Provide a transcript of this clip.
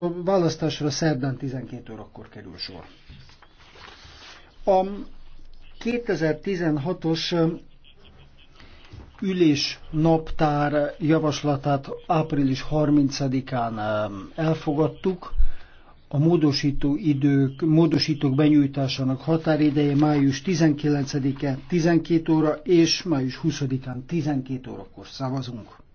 A választásra szerdán 12 órakor kerül sor. A 2016-os um, ülés naptár javaslatát április 30-án um, elfogadtuk. A módosító idők, módosítók benyújtásának határideje május 19-e 12 óra és május 20-án 12 órakor szavazunk.